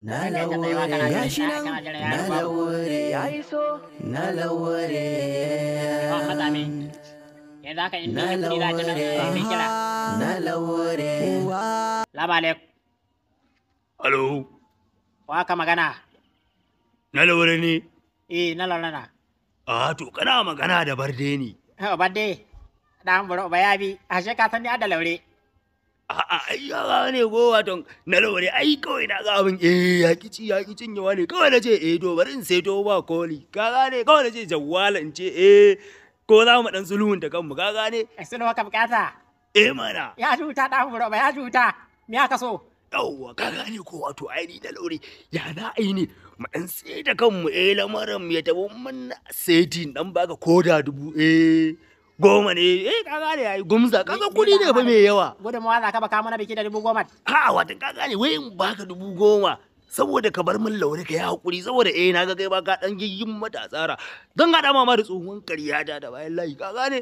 Na laure gashi nan na ya na na labalek alo wa ka magana na ne eh na laure na to kana magana da barde ne barde dan buro bayabi ashe ka san ni da laure a'a ya yawa ne go wato na lore ai kawai na ga abin eh ya kici ya kici yawa ne kawai nace eh to bari in sai to ba koli ka gane kawai nace jawwala in ce eh ko za mu dan zulumin ta kanmu ka gane sulhu ka bukata eh mana ya juta da huro ba ya juta me aka so yawwa ka gane ko wato ai ni da lore ya na ai ne mu dan sai da kanmu eh lamarin mu ya tabo mun setin dan baka koda dubu eh goma ne eh ka gane ayi gumza kaga kuɗi ne ba mai yawa gudunmawa za ka baka mana biki da dubu goma a'a watan ka gane wai in baka dubu goma saboda ka bar min laure ka yi hakuri saboda eh na ga kai ba ka dan yayyin mata tsara ga haɗa ma da tsohon kariya da da bayan layi ka gane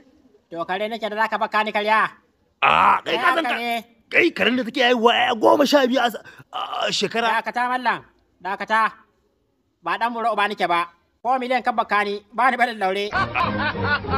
to kare nake da zaka baka ni kariya. a kai ka san kai karin da take haihuwa ya goma sha biyu a shekara dakata mallan dakata ba dan buru ba nake ba ko miliyan ka baka ni ba ni barin laure